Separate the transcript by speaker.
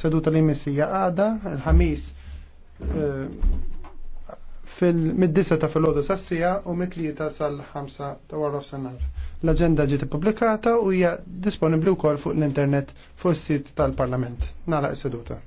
Speaker 1: seduta li missija għada, il-ħamis eh, mid-disa ta' fil-ħodu sassija u mid-lieta sal-5 ta' warraf sanar. L-agenda ġiet publikata u hija disponibbli wkoll fuq l-internet fuq is-sit tal-Parlament. Nara s-seduta.